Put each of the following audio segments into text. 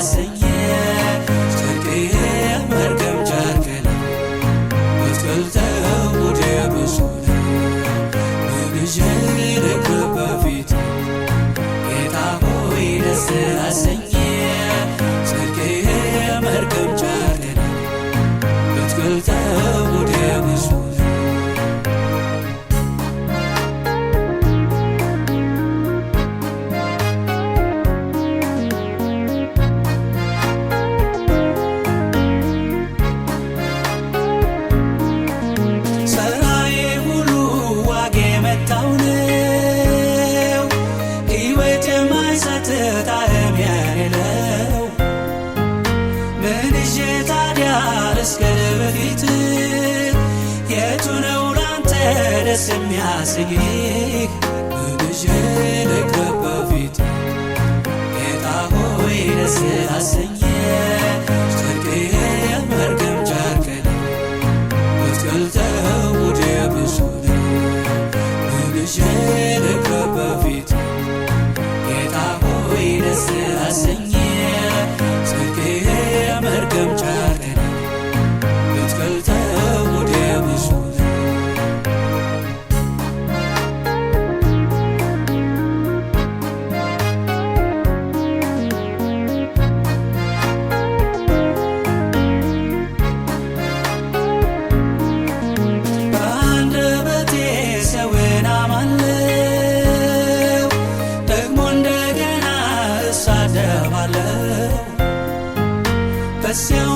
Senhor. ደስ የሚያሰኝህ በግዥ በፊት ጌታ ሆይ ደስ አሰኘህ seu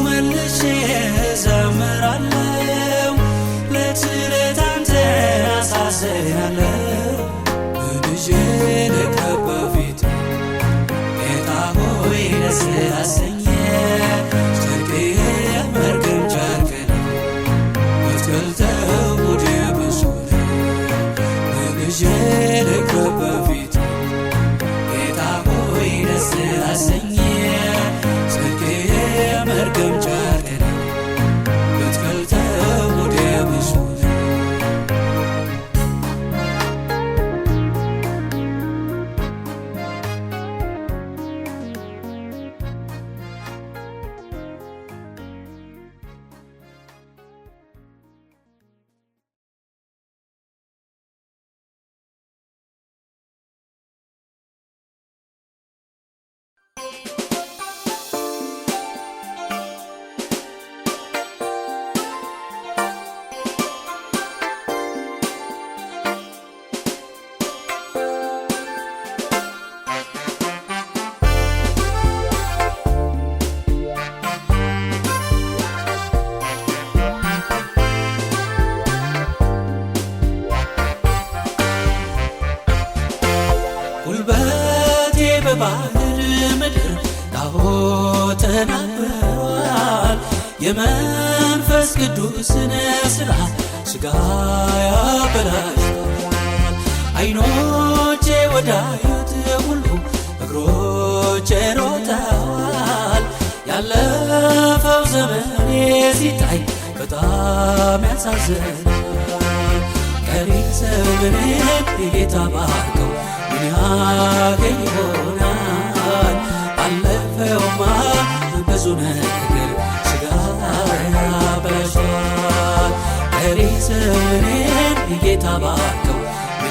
እንዳዩት ሁሉ እግሮች ሮጠዋል። ያለፈው ዘመኔ ሲታይ በጣም ያሳዝናል። ቀሪ ጌታ ባርከው ምን ያገኝ ይሆናል? ባለፈውማ ብዙ ነገር ስጋ ባርከው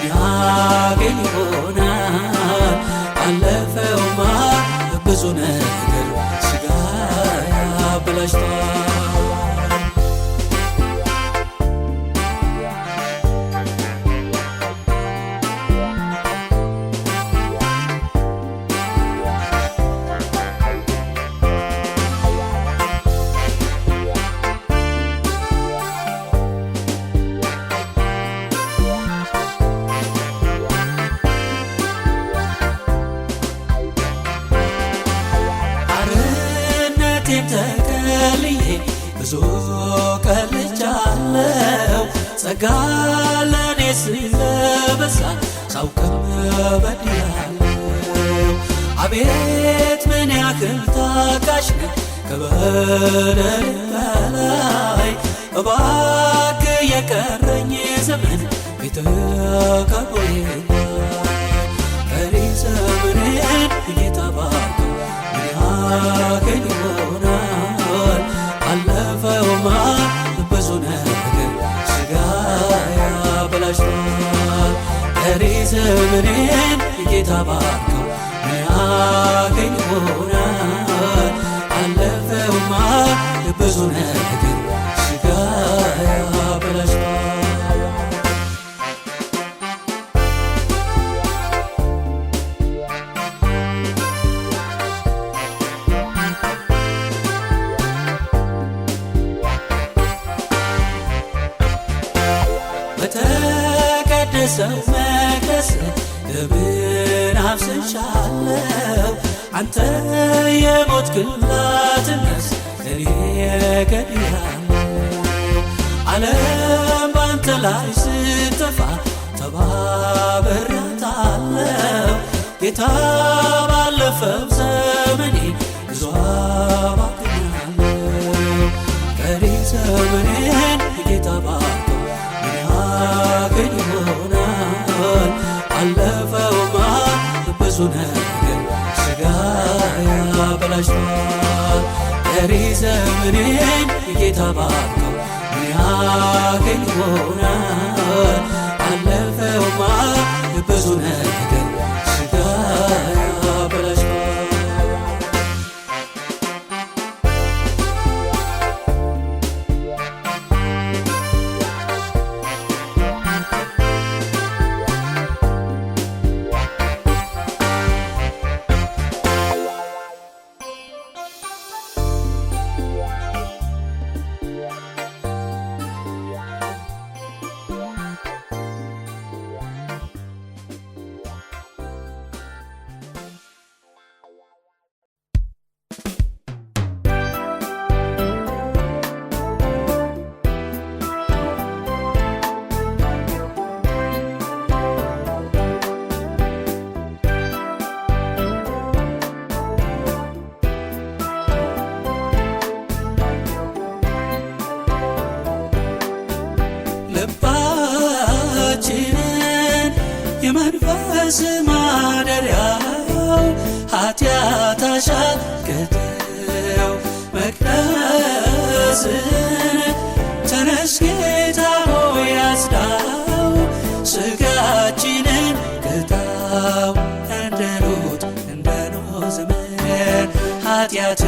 ምን ያገኝ አለፈውማ ብዙ ነገር ስጋ ያበላሽቷል ዘመኔን ጌታ ባርከው መያገኝ ሆነ ባለፈው ዘመኔ ብዙ አባክኛለሁ ቀሪ ዘመኔን ባርኮ ያገኝ ይሆናል አለፈውማ ብዙ ነገር ስጋ ያበላሽቷል ቀሪ ዘመኔን ባርኮ ያገኝ ይሆናል አለፈውማ ብዙ ነገር ምሕረት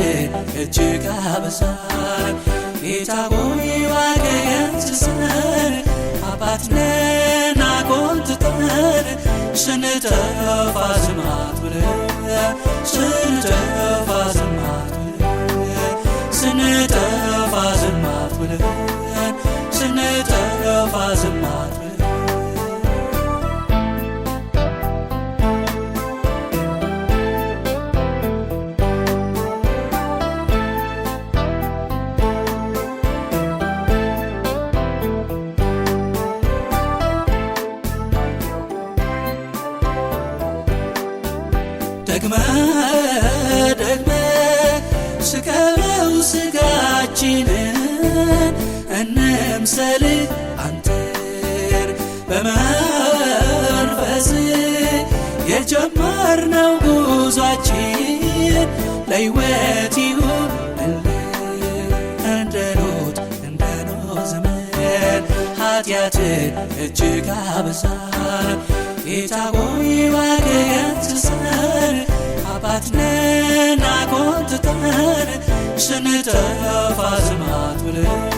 እጅግ አበሳል ጌታ ሆይ ዋገየን ስሰን አባት ነና ስንጠፋ ዝማት ብለ ስንጠፋ ዝማት ብለ ስንጠፋ ዝማት ብለ ስንጠፋ ዝማት ልቀበው ስጋችንን እንምሰል አንተር በመንፈስ የጀመርነው ጉዟችን ለሕይወት ይሁን እንደ ሎጥ እንደ ዘመን ኃጢአትን እጅግ አበዛ ጌታ ሆይ እባክህ አትርሳን አባትነን አቆንትተን ስንጠፋ ስማት ብለህ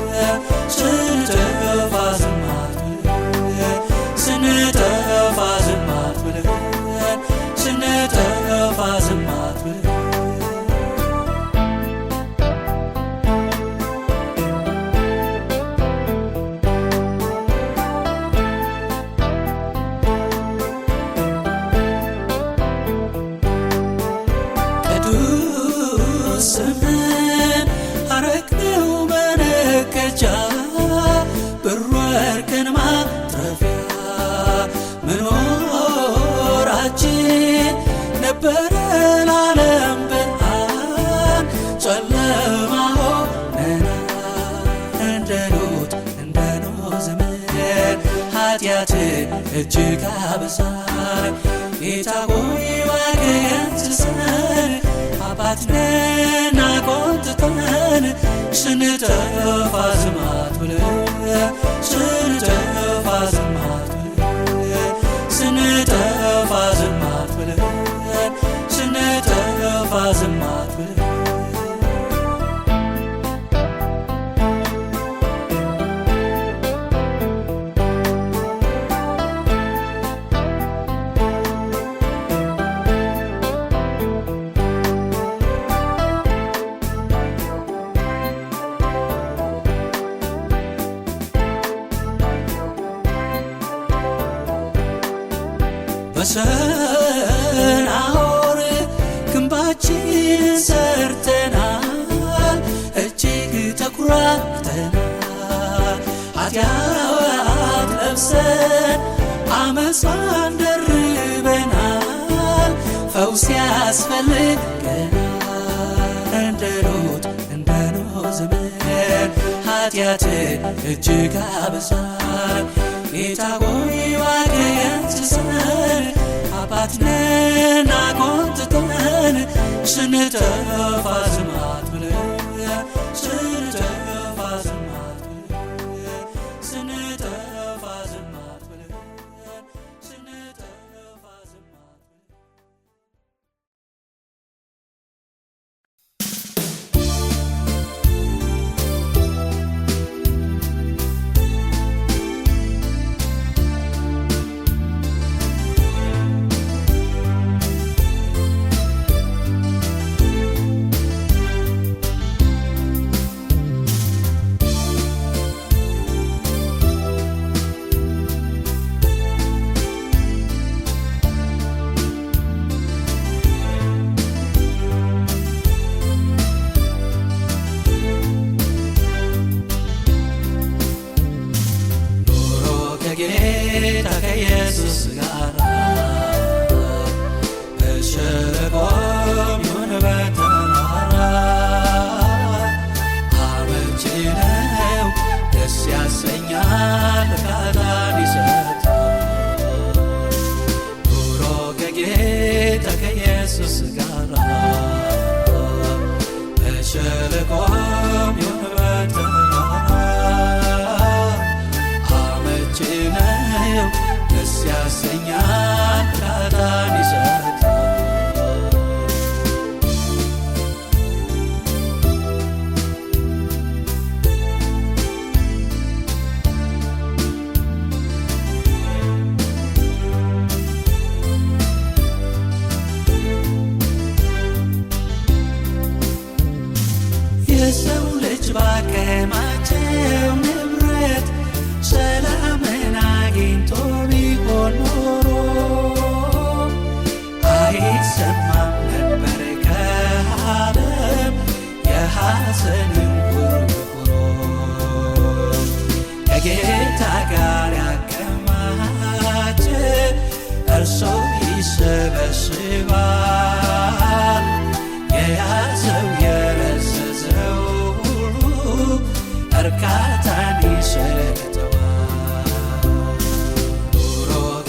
ስንጠፋ ስማት ብለህ ስንጠፋ ስማት ብለህ እጅግ አበሳል ጌታ ሆይ እባክህ አትርሳን። አባት ነህና ቆጥተን ስንጠፋ ዝማት ስንጠፋ ዝማት ስንጠፋ ዝማት ስንጠፋ ዝማት ምሕረት እጅግ አብሳል ጌታ ሆይ ዋገያን ስሰን አባትነን አቆጥተን ስንጠፋ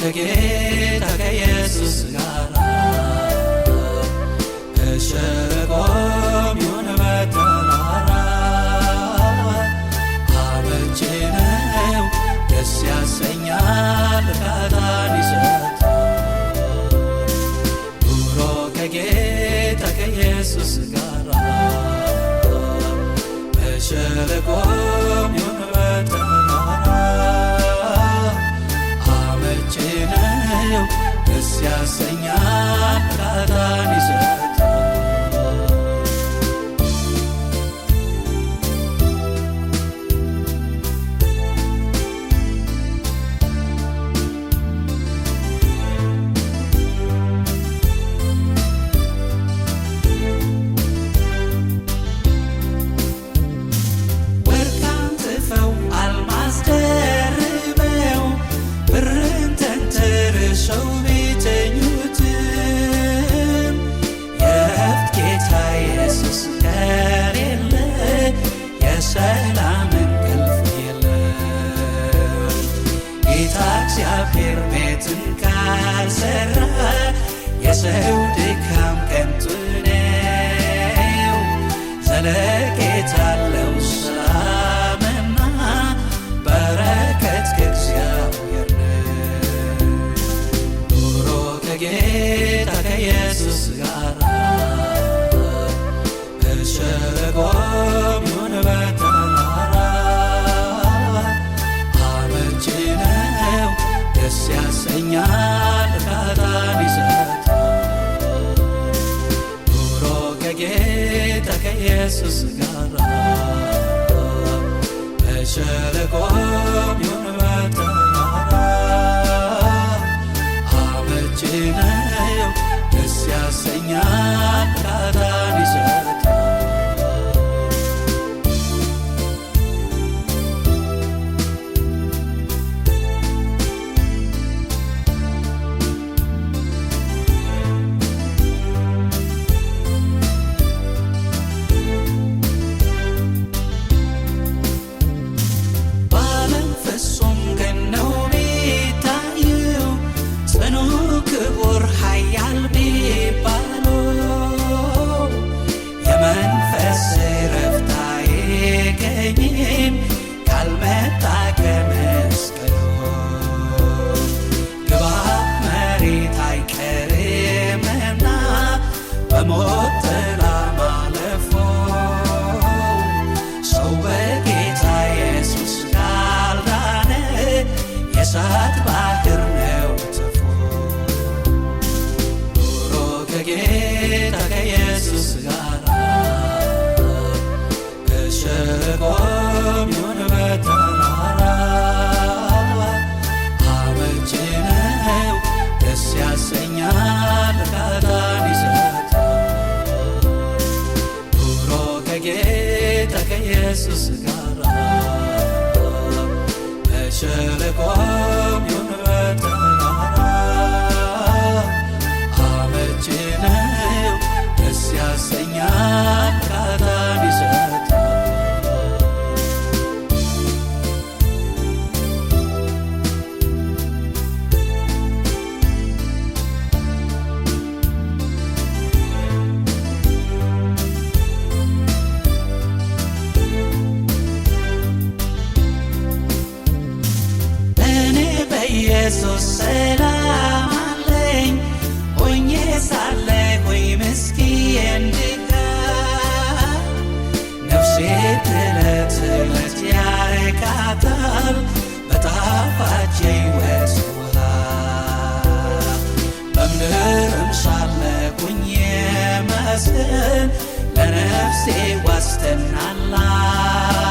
ከጌታ ከኢየሱስ ጋር በሸለቆ ይሁን በተራራ አመቺ ነው፣ ደስ ያሰኛል፣ እርካታን ይሰጣል። ኑሮ ከጌታ ከኢየሱስ ጋር በሸለቆ is. lesson. Learn to say what's the not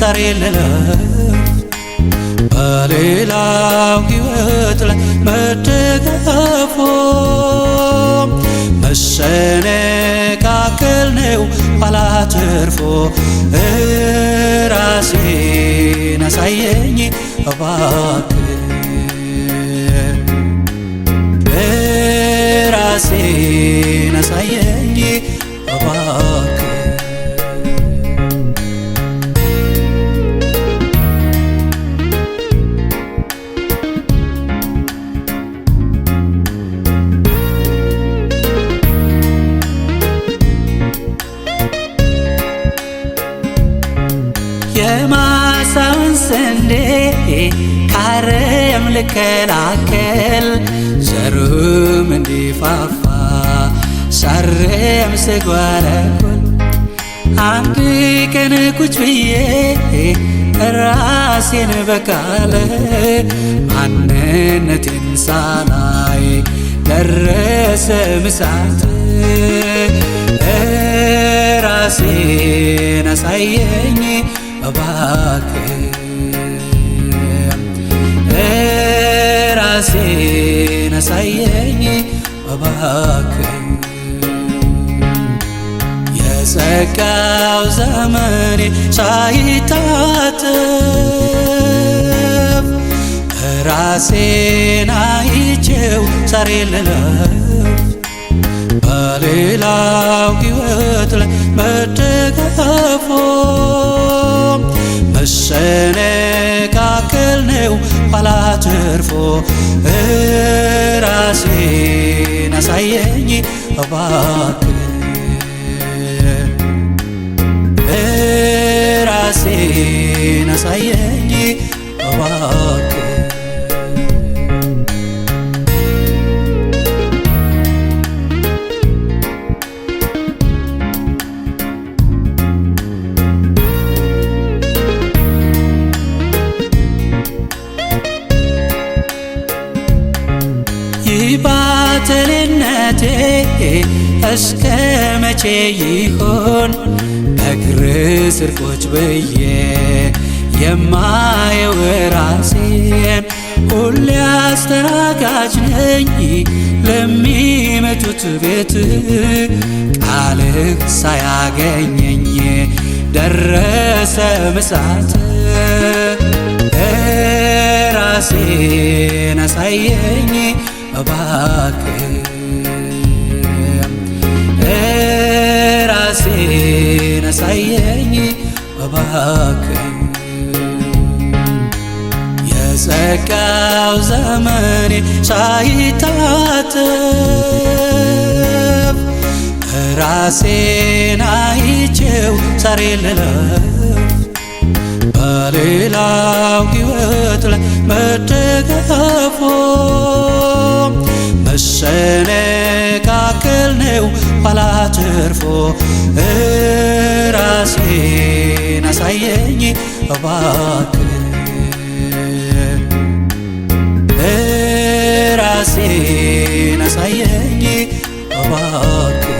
ዛሬ ልለፍ በሌላው ላይ መደጋፎ መሰነቃቀል ነው አላትርፎ ራሴን አሳየኝ እባክህ ራሴን አሳየኝ ልከላከል ዘሩም እንዲፋፋ ሳርም ስጓረኩል አንድ ቀን ቁጭ ብዬ ራሴን በቃለ ማንነቴን ሳላይ ደረሰ ምሳት ራሴን አሳየኝ እባክህ እጅህን አሳየኝ እባክህ የጸጋው ዘመኔ ሳይታጠፍ ራሴን አይቼው ዛሬ ልለፍ በሌላው ሕይወት ላይ መደገፎ መሰነ ባላት እርፎ ራሴን አሳየኝ እባክህ ራሴን አሳየኝ እባክህ እምነቴ እስከ መቼ ይሆን እግር ስር ቁጭ ብዬ የማየው ራሴን ሁሌ አስተናጋጅ ነኝ ለሚመጡት ቤት ቃል ሳያገኘኝ ደረሰ ምሳት ራሴን አሳየኝ እባክህ ባክኝ የጸጋው ዘመኔ ሳይታጠብ ራሴን አይቼው ዛሬ ልለፍ በሌላው ሕይወት ላይ መደገፎ መሰነቃቅል ነው ባላትርፎ ራሴን አሳየኝ እባክህ ራሴን አሳየኝ እባክህ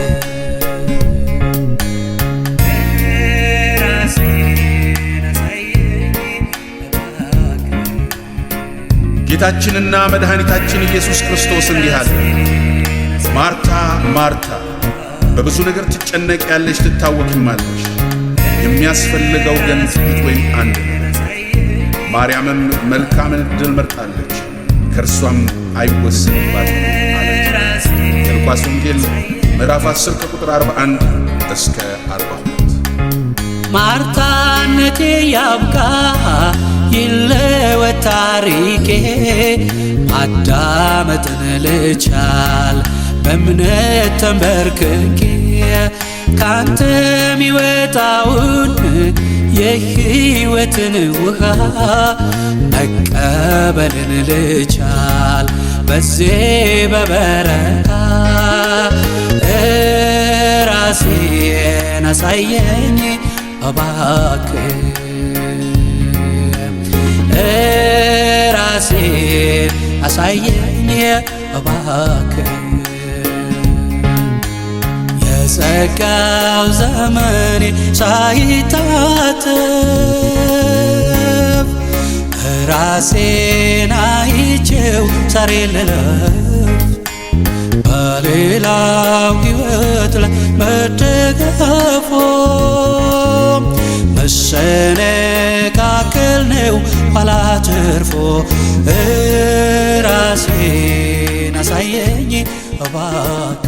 ጌታችንና መድኃኒታችን ኢየሱስ ክርስቶስ እንዲህ አለ፣ ማርታ ማርታ በብዙ ነገር ትጨነቅ ያለሽ ትታወቂማለሽ። የሚያስፈልገው ግን ጥቂት ወይም አንድ። ማርያምም መልካምን ዕድል መርጣለች፣ ከእርሷም አይወስንባት። አለች። የሉቃስ ወንጌል ምዕራፍ 10 ከቁጥር 41 እስከ 42። ማርታነቴ ያብቃ ይለወጥ ታሪኬ አዳመጥን ልቻል በእምነት ተንበርክኬ ካንተ የሚወጣውን የሕይወትን ውሃ መቀበልን ልቻል በዚህ በበረታ ራሴን አሳየኝ እባክህ ራሴን አሳየኝ እባክህ በቃው ዘመኔ ሳይታተብ ራሴን አይቼው ዛሬ ልለፍ በሌላው ሕይወት ላይ መደገፎ መሰነቃቅል ነው ኋላ ትርፎ ራሴን አሳየኝ እባክህ